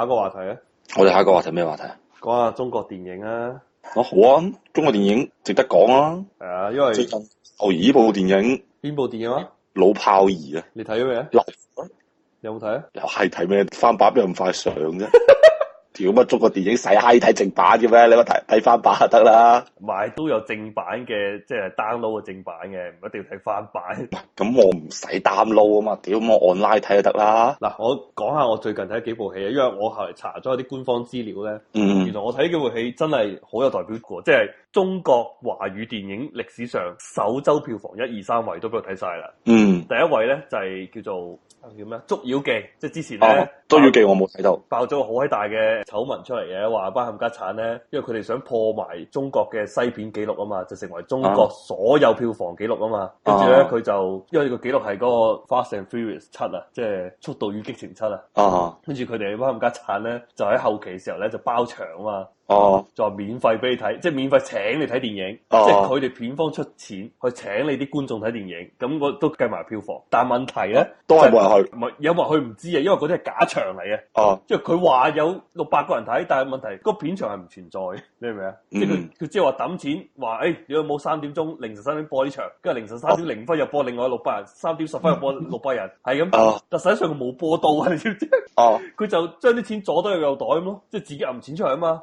下一個話題咧，我哋下一個話題咩話題啊？講下中國電影啊！好啊，中國電影值得講啦啊。係啊，因為最近哦呢部電影，邊部電影啊？老炮兒啊！你睇咗未啊？有冇睇啊？又係睇咩？翻版邊有咁快上啫？ 屌乜捉個電影使閪睇正版嘅咩？你咪睇睇翻版就得啦。買都有正版嘅，即係 download 嘅正版嘅，唔一定要睇翻版。咁我唔使 download 啊嘛，屌我按拉睇就得啦。嗱，我講下我最近睇幾部戲啊，因為我後嚟查咗啲官方資料咧，嗯，原來我睇幾部戲真係好有代表過，即係中國華語電影歷史上首周票房一二三位都俾我睇晒啦。嗯，第一位咧就係叫做叫咩？捉妖記，即係之前咧捉妖記我冇睇到，爆咗個好閪大嘅。醜聞出嚟嘅話，班冚家鏟咧，因為佢哋想破埋中國嘅西片記錄啊嘛，就成為中國所有票房記錄啊嘛，跟住咧佢就因為個記錄係嗰個 Fast and Furious 七啊，即係速度與激情七啊，跟住佢哋班冚家鏟咧就喺後期嘅時候咧就包場啊嘛。哦，就、嗯、免費俾你睇，即係免費請你睇電影，啊、即係佢哋片方出錢去請你啲觀眾睇電影，咁我都計埋票房。但係問題咧、啊，都係話佢，唔係有話佢唔知啊，因為嗰啲係假場嚟嘅。哦、啊，即係佢話有六百個人睇，但係問題個片場係唔存在，你明唔明啊？嗯、即係佢佢即係話抌錢，話誒，有冇三點鐘、凌晨三點播呢場，跟住凌晨三點零分又播另外六百人，三點十分又播六百人，係咁、嗯。啊、但實際上佢冇播到啊，你知唔知？哦、啊，佢就將啲錢左兜右兜袋咁咯，即、就、係、是、自己揞錢出嚟啊嘛，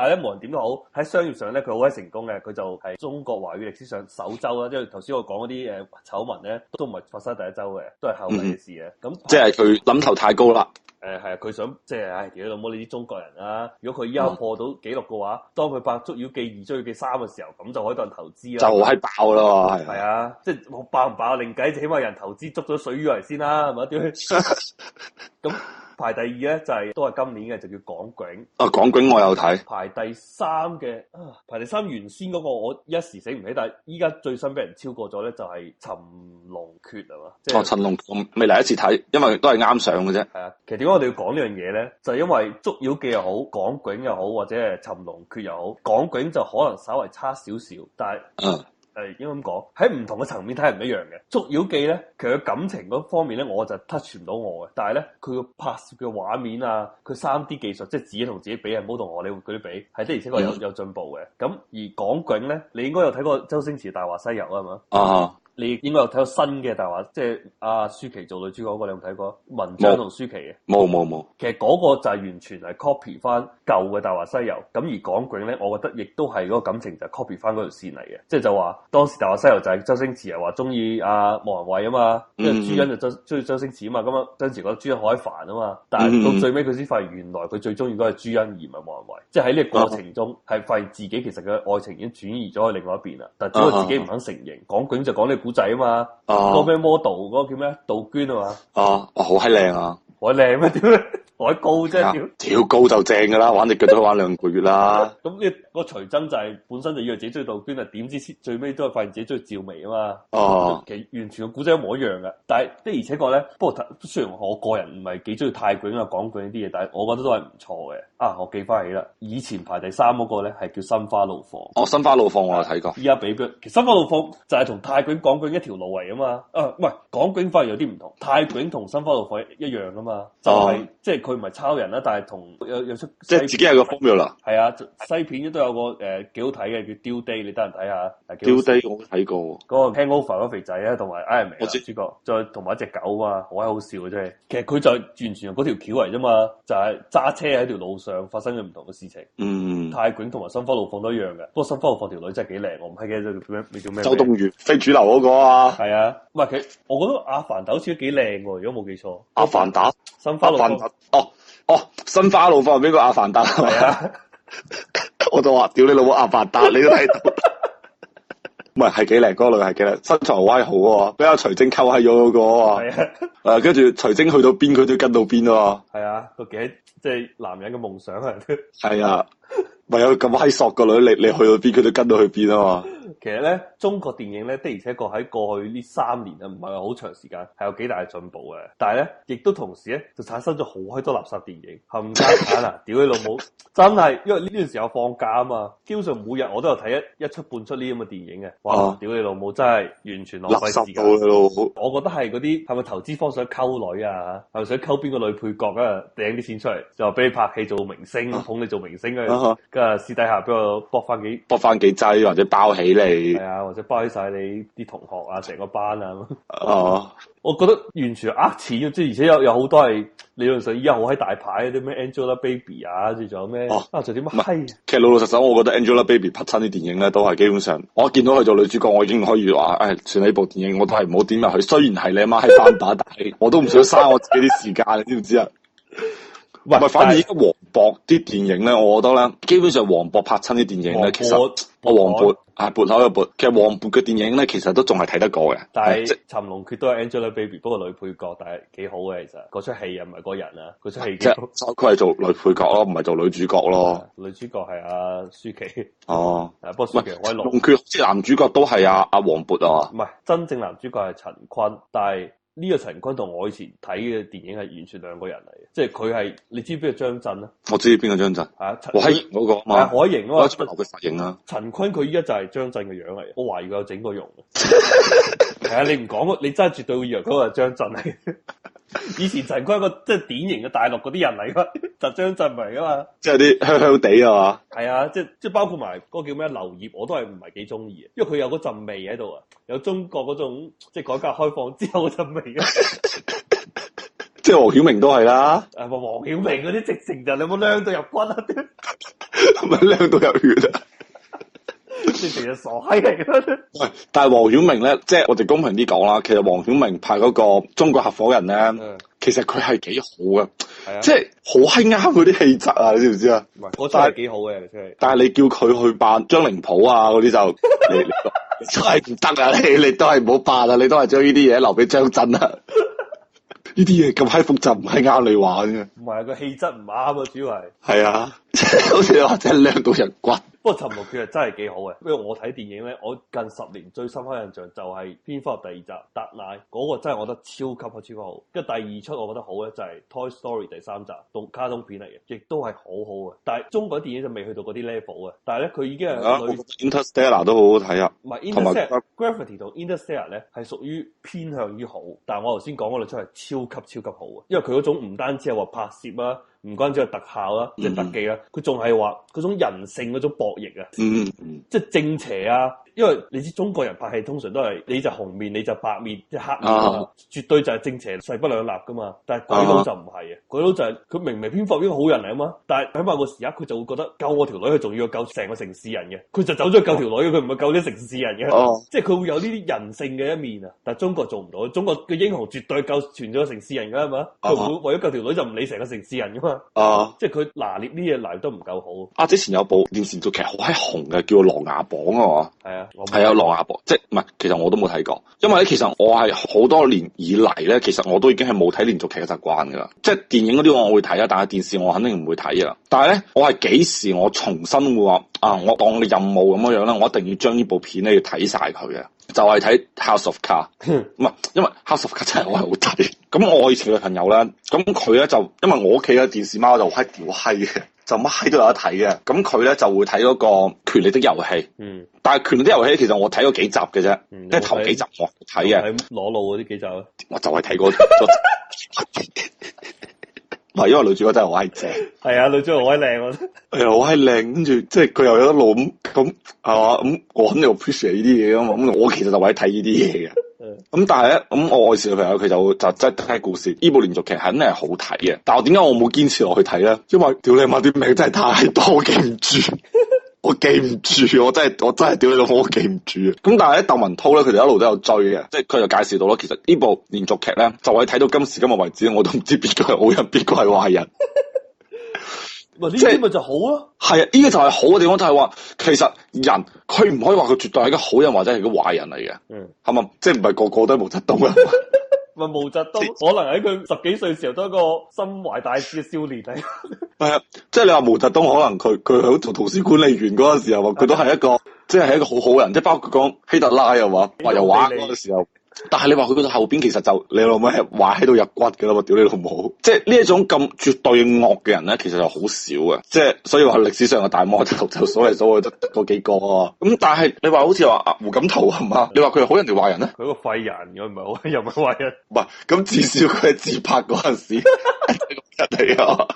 但係咧，冇人點都好喺商業上咧，佢好鬼成功嘅。佢就係中國華語歷史上首周啦，即係頭先我講嗰啲誒醜聞咧，都唔係發生第一周嘅，都係後面嘅事啊。咁、嗯、排即係佢諗頭太高啦。誒係啊，佢想即係唉，屌老母，你啲中國人啊。如果佢而家破到記錄嘅話，嗯、當佢爆捉妖記二、捉妖記三嘅時候，咁就可以當人投資啦，就係爆啦，係啊，即係爆唔爆另計，就起碼人投資捉咗水魚嚟先啦、啊，係咪咁？排第二咧就係、是、都係今年嘅，就叫港囧。啊，港囧我有睇。第三嘅啊，排第三原先嗰個我一時醒唔起，但係依家最新俾人超過咗咧，就係、是《尋龍訣》係嘛，即係《尋龍》未嚟一次睇，因為都係啱上嘅啫。係啊，其實點解我哋要講呢樣嘢咧？就係、是、因為捉妖記又好，港囧又好，或者係《尋龍訣》又好，港囧就可能稍為差少少，但係。嗯係應該咁講，喺唔同嘅層面睇係唔一樣嘅。捉妖記咧，其實感情嗰方面咧，我就 touch 唔到我嘅。但係咧，佢嘅拍攝嘅畫面啊，佢三 D 技術，即係自己同自己比，唔好同我哋嗰啲比，係的而且確有有進步嘅。咁而港囧咧，你應該有睇過周星馳大話西遊啊嘛？啊。你應該有睇到新嘅大話，即係、啊、阿舒淇做女主角嗰、嗰個，你有睇過文章同舒淇嘅、啊？冇冇冇。其實嗰個就係完全係 copy 翻舊嘅《大話西遊》，咁而港囧咧，我覺得亦都係嗰個感情就係 copy 翻嗰條線嚟嘅，即係就話當時《大話西遊》就係周星馳又話中意阿莫文蔚啊嘛，跟住、嗯、朱茵就周中意周星馳啊嘛，咁啊，周星馳覺得朱茵好閪煩啊嘛，但係到最尾佢先發現原來佢最中意都係朱茵而唔係莫文蔚，嗯、即係喺呢個過程中係發現自己其實嘅愛情已經轉移咗去另外一邊啦，但係只係自己唔肯承認。港囧就講呢仔啊嘛，嗰個咩 model 嗰個叫咩杜鵑啊嘛，啊，好閪靚啊，我靚咩屌，我、啊、高啫屌，屌、啊、高就正噶啦， 玩隻腳都玩兩個月啦。咁、 嗯。個徐崢就係本身就以為自己追杜鵑，但係點知最尾都係發現自己追趙薇啊嘛，啊其實完全個古仔一模一樣嘅。但係的而且確咧，不過雖然我個人唔係幾中意泰囧啊港囧呢啲嘢，但係我覺得都係唔錯嘅。啊，我記翻起啦，以前排第三嗰個咧係叫《心花怒放》，哦，《心花怒放》我有睇過。依家比佢，其實《心花怒放》就係同泰囧、港囧一條路嚟啊嘛。啊，唔係港囧反而有啲唔同，泰囧同《心花怒放》一樣啊嘛，就係、是啊、即係佢唔係抄人啦，但係同有有出即係自己有個風貌啦。係啊的，西片都有。有個誒幾好睇嘅叫《Due Date》，你得閒睇下。Due Date 我睇過。嗰個 Hangover 嗰肥仔啊，同埋 Iron Man 主角，再同埋一隻狗啊，好閪好笑嘅啫。係。其實佢就係完全嗰條橋嚟啫嘛，就係、是、揸車喺條路上發生嘅唔同嘅事情。嗯，泰囧同埋心花路放都一樣嘅。不過心花路放條女真係幾靚，我唔係記得佢叫咩，你做咩？周冬雨，非主流嗰個啊。係啊，唔係佢，我覺得阿凡達好似都幾靚，如果冇記錯。阿凡達，心、哦哦、花路。阿哦、啊、哦，心花路放俾個阿凡達。啊凡 我就話，屌你老母阿伯達，你都睇到，唔係係幾靚，嗰、那個女係幾靚，身材好、啊，威好喎，俾阿徐晶溝喺咗嗰個，誒、啊，跟住、啊、徐晶去到邊佢都跟到邊喎。係啊，個頸、啊、即係男人嘅夢想啊！係啊。咪有咁閪索個女，你你去到邊佢都跟到去邊啊嘛！其實咧，中國電影咧的而且確喺過去呢三年啊，唔係話好長時間，係有幾大進步嘅。但係咧，亦都同時咧，就產生咗好閪多垃圾電影，冚家鏟啊！屌你 老母！真係，因為呢段時候放假啊嘛，基本上每日我都有睇一、一出半出呢咁嘅電影嘅。哇！屌你老母，真係完全浪費時間。我、啊、我覺得係嗰啲係咪投資方想溝女啊？係咪想溝邊個女配角啊？掟啲錢出嚟就俾你拍戲做明星，捧你做明星誒，私底下俾我搏翻幾搏翻幾劑，或者包起你，係啊，或者包起晒你啲同學啊，成個班啊。哦， 我覺得完全呃錢，即係而且有有好多係理論上，而家好閪大牌啲咩 Angelababy 啊，跟住仲有咩？哦，仲有係，其實老老實實，我覺得 Angelababy 拍親啲電影咧，都係基本上，我見到佢做女主角，我已經可以話，誒、哎，算你部電影，我都係唔好點入去。雖然係你阿媽喺翻打，打 但係我都唔想嘥我自己啲時間，你知唔知啊？ 唔係，反而依家黃渤啲電影咧，我覺得咧，基本上黃渤拍親啲電影咧，其實阿黃渤係潑口又潑，其實黃渤嘅電影咧，其實都仲係睇得過嘅。但係《尋龍決》都係 Angelababy，不過女配角，但係幾好嘅，其實嗰出戲又唔係嗰人啊，嗰出戲。即佢係做女配角咯，唔係做女主角咯。女主角係阿舒淇哦，誒不過舒淇開路。尋龍決好似男主角都係阿阿黃渤啊，唔係，真正男主角係陳坤，但係。呢個陳坤同我以前睇嘅電影係完全兩個人嚟嘅，即係佢係你知唔知邊個張震咧？我知邊個張震嚇？哇！嗰個啊，海形啊嘛，留佢髮型啦。陳坤佢依家就係張震嘅樣嚟，我懷疑佢有整過容。係啊，你唔講啊，你真係絕對會以為佢係張震嚟。 以前陳坤，一個即係典型嘅大陸嗰啲人嚟噶就張震嚟噶嘛，即係啲香香地啊嘛，係啊，即係即係包括埋嗰個叫咩劉燁，我都係唔係幾中意，因為佢有嗰陣味喺度啊，有中國嗰種即係改革開放之後嗰陣味 啊，即係黃曉明都係啦，誒，黃曉明嗰啲直情就你有冇靚到入骨啊，係咪靚到入血啊？你哋嘅傻閪嚟嘅。喂， 但係黃曉明咧，即係我哋公平啲講啦，其實黃曉明拍嗰個中國合伙人咧，嗯、其實佢係幾好嘅，即係、嗯嗯、好啱佢啲氣質啊！你知唔知啊？我真係幾好嘅，但係你叫佢去扮張靈甫啊嗰啲就你真係唔得啊！你你都係唔好扮啊！你都係將呢啲嘢留俾張震啊！呢啲嘢咁閪複雜，唔係啱你玩嘅。唔係個氣質唔啱啊，主要係係啊，好似你話真係靚到人骨。個沉默劇係真係幾好嘅，不過我睇電影咧，我近十年最深刻印象就係、是《蝙蝠俠》第二集達奈嗰個真係我覺得超級超級好。跟住第二出我覺得好咧就係、是《Toy Story》第三集動卡通片嚟嘅，亦都係好好嘅。但係中國電影就未去到嗰啲 level 嘅。但係咧佢已經係、啊、Interstellar 都好好睇啊，Gravity 同 Interstellar 咧係屬於偏向於好。但係我頭先講嗰兩出係超級超級好嘅，因為佢嗰種唔單止係話拍攝啊。唔關注係特效啦，即、就、係、是、特技啦，佢仲係話嗰種人性嗰種博弈啊，即係、mm hmm. 正邪啊。因為你知中國人拍戲通常都係你就紅面 你就白面，即黑面，uh huh. 絕對就係正邪勢不兩立噶嘛。但係鬼佬，uh huh. 就唔係啊，鬼佬就係佢明明偏方邊個好人嚟啊嘛。但係喺某個時刻，佢就會覺得救我條女，佢仲要救成個城市人嘅。佢就走咗去救條女，佢唔係救啲城市人嘅。Uh huh. 即係佢會有呢啲人性嘅一面啊。但係中國做唔到，中國嘅英雄絕對救全咗城市人噶係嘛？佢唔，uh huh. 會為咗救條女就唔理成個城市人噶嘛？哦、uh，huh. 即係佢拿捏呢嘢拿捏都唔夠好。啊、uh，huh. 之前有部電視連續劇好閪紅嘅，叫《琅琊榜、哦》啊嘛。係 啊樂。 係啊，琅琊榜，即係唔係？其實我都冇睇過，因為咧，其實我係好多年以嚟咧，其實我都已經係冇睇連續劇嘅習慣噶啦。即係電影嗰啲我會睇啊，但係電視我肯定唔會睇噶啦。但係咧，我係幾時我重新會話啊？我當你任務咁樣樣咧，我一定要將呢部片咧要睇晒佢嘅，就係、是、睇 House of Cards 唔係，因為 House of Cards 真係我係好睇。咁我以前嘅朋友咧，咁佢咧就因為我屋企嘅電視貓就喺屌閪嘅。就乜閪都有得睇嘅，咁佢咧就會睇嗰個《權力的遊戲》嗯，但係《權力的遊戲》其實我睇咗幾集嘅啫，即係、嗯、頭幾集我睇嘅，裸露嗰啲幾集我就係睇過，唔係 因為女主角真係好閪正，係 啊，女主角好閪靚咯，誒好閪靚，跟住即係佢又有得露咁咁係嘛，咁、嗯啊嗯、我肯定要 push 嚟呢啲嘢啊嘛，咁我其實就為睇呢啲嘢嘅。咁、嗯嗯、但係咧，咁、嗯、我愛笑嘅朋友佢就會就真係睇故事，呢部連續劇肯定係好睇嘅。但係我點解我冇堅持落去睇咧？因為屌你媽啲名真係太多，我記唔住， 我記唔住，我真係我真係屌你老母，我記唔住。咁但係咧，竇文濤咧，佢哋一路都有追嘅，即係佢就介紹到咯。其實呢部連續劇咧，就我睇到今時今日為止，我都唔知邊個係好人，邊個係壞人。 呢啲就好咯，係啊，呢個就係好嘅地方，就係話其實人佢唔可以話佢絕對係一個好人或者係一個壞人嚟嘅，係咪、嗯？即係唔係個個都毛澤東啊？唔係毛澤東， 毛澤東可能喺佢十幾歲時候都係一個心懷大志嘅少年嚟。係 啊，即係你話毛澤東可能佢佢喺做圖書管理員嗰陣時候，佢都係一個即係係一個好好人，即係包括講希特拉又話話又玩嗰陣時候。但係你話佢嗰度後邊其實就你老母係壞喺度入骨嘅啦，我屌你老母！即係呢一種咁絕對惡嘅人咧，其實就好少嘅，即係所以話歷史上嘅大魔頭就,就所謂所謂得得嗰幾個、啊。咁但係你話好似話胡錦濤係嘛？你話佢係好人定壞人咧？佢個廢人，我唔係好有乜壞人。唔係咁，至少佢係自拍嗰陣時，係啊，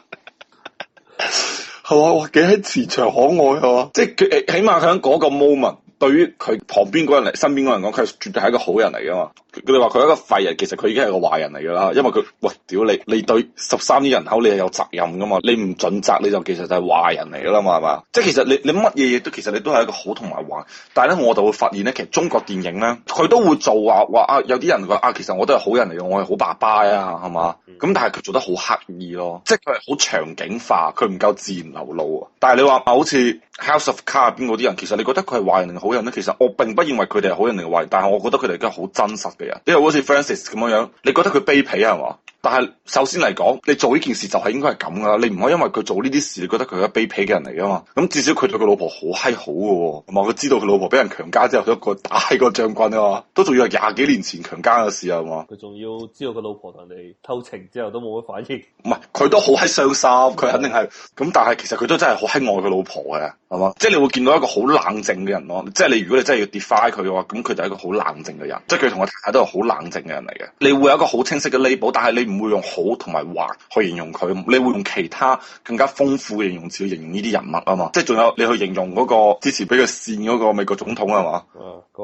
係哇！哇，幾喺磁場可愛啊！即係佢起碼喺嗰個 moment。對於佢旁邊嗰人嚟，身邊嗰人講，佢係絕對係一個好人嚟噶嘛。佢哋話佢係一個廢人，其實佢已經係個壞人嚟㗎啦。因為佢喂，屌你，你對十三億人口你係有責任㗎嘛？你唔準責，你就其實就係壞人嚟㗎啦嘛，係嘛？即係其實你你乜嘢嘢都其實你都係一個好同埋壞。但係咧，我就會發現咧，其實中國電影咧，佢都會做話話啊，有啲人話啊，其實我都係好人嚟嘅，我係好爸爸啊，係嘛？咁但係佢做得好刻意咯，即係佢係好場景化，佢唔夠自然流露。但係你話啊，好似 House of Cards 入邊嗰啲人，其實你覺得佢係壞人定好人咧？其實我並不認為佢哋係好人定壞人，但係我覺得佢哋而家好真實。你又好似 Francis 咁樣，你覺得佢卑鄙，係嘛？但係首先嚟講，你做呢件事就係應該係咁噶啦，你唔可以因為佢做呢啲事，你覺得佢係卑鄙嘅人嚟噶嘛？咁至少佢對佢老婆嗨好閪好嘅喎，同佢知道佢老婆俾人強姦之後，佢一個大個將軍啊，都仲要係廿幾年前強姦嘅事啊嘛？佢仲要知道佢老婆同你偷情之後都冇乜反應，唔係佢都好閪傷心，佢肯定係咁。的但係其實佢都真係好閪愛佢老婆嘅，係嘛？即係你會見到一個好冷靜嘅人咯。即係你如果你真係要 defy 佢嘅話，咁佢就係一個好冷靜嘅人，即係佢同我太太都係好冷靜嘅人嚟嘅。你會有一個好清晰嘅 label，但係你，唔會用好同埋壞去形容佢，你會用其他更加豐富嘅形容詞去形容呢啲人物啊嘛，即係仲有你去形容嗰個支持畀佢線嗰個美國總統啊嘛，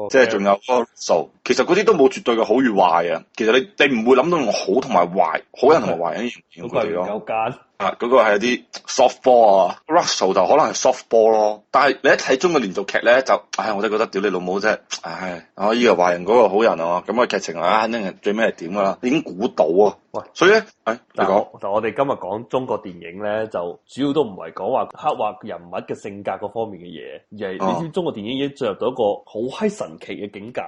即係仲有嗰個，其實嗰啲都冇絕對嘅好與壞啊。其實你你唔會諗到用好同埋壞，好人同埋壞人嘅形容詞，好鬼亂啊。啊！嗰、那個係有啲 soft ball 啊，Russell、so、就可能係 soft ball 咯。但係你一睇中國連續劇咧，就唉、哎，我都覺得屌你老母啫，唉、哎，我以為壞人嗰個好人啊，咁個劇情啊，肯定係最尾係點噶啦，已經估到啊。喂，所以咧，誒、哎，你講，就我哋今日講中國電影咧，就主要都唔係講話刻畫人物嘅性格嗰方面嘅嘢，而係你知中國電影已經進入到一個好閪神奇嘅境界。